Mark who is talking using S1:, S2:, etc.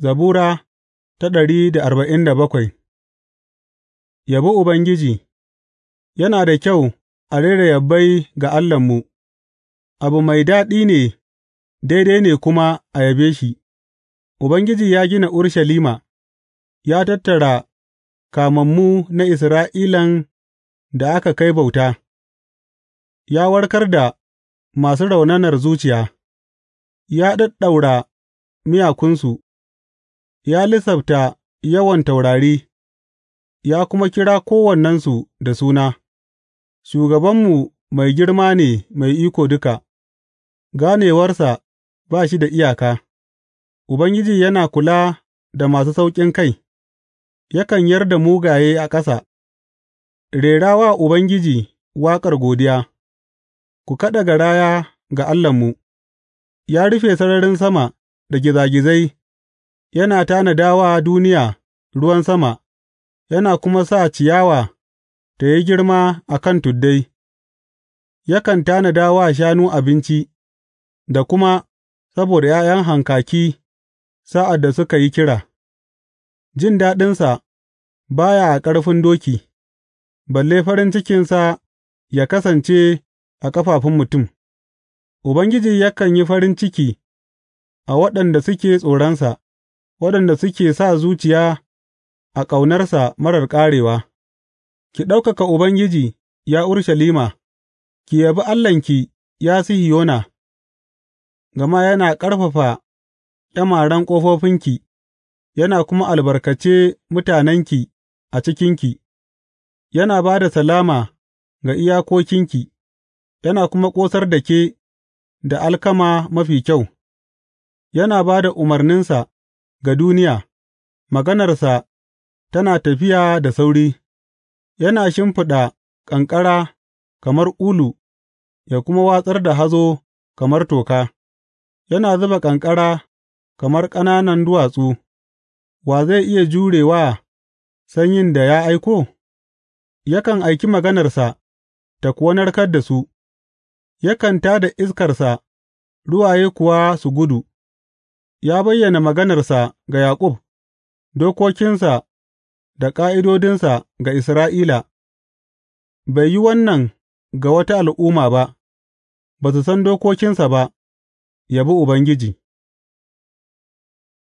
S1: Zabura ta ɗari da arba'in da bakwai Yabi Ubangiji Yana da kyau a rera yabai ga Allahnmu, abu mai daɗi ne daidai ne kuma a yabe shi; Ubangiji ya gina urshalima. ya tattara kamammu na Isra'ilan da aka kai bauta, ya warkar da masu raunanar zuciya, ya ɗaɗɗaura miyakunsu. Ya lissafta yawan taurari ya kuma kira kowannensu da suna; Shugabanmu mai girma ne mai iko duka, ganewarsa ba shi da iyaka; Ubangiji yana kula da masu sauƙin kai. yakan yar da mugaye a ƙasa Rera wa Ubangiji waƙar godiya, ku kaɗa garaya ga Allahnmu; ya rufe sararin sama da gizagizai. yana tanada wa duniya ruwan sama yana kuma sa ciyawa ta yi girma a kan tuddai, yakan tanada wa shanu abinci da kuma saboda ’ya'yan hankaki sa'ad da suka yi kira, jin daɗinsa ba ya a ƙarfin doki, balle farin cikinsa ya kasance a ƙafafun mutum, Ubangiji yakan yi farin ciki a waɗanda suke tsoronsa. waɗanda suke sa zuciya a ƙaunarsa marar ƙarewa. Ki ɗaukaka Ubangiji, ya Urushalima, ki yabi Allahnki, ya Sihiyona, gama yana ƙarfafa ƙyamaren ƙofofinki, yana kuma albarkace mutanenki a cikinki, yana ba da salama ga iyakokinki, yana kuma ƙosar da ke da alkama mafi kyau, yana ba da umarninsa ga duniya, maganarsa tana tafiya da sauri; yana shimfiɗa ƙanƙara kamar ulu ya kuma watsar da hazo kamar toka, yana zuba ƙanƙara kamar ƙananan duwatsu, wa zai iya jure wa sanyin da ya aiko? Yakan aiki maganarsa ta kuwa narkar da su; yakan tā da iskarsa ruwaye kuwa su gudu. Ya bayyana maganarsa ga Yaƙub, dokokinsa da ƙa'idodinsa ga Isra'ila; bai yi wannan ga wata al'umma ba, ba su san dokokinsa ba, yabi Ubangiji.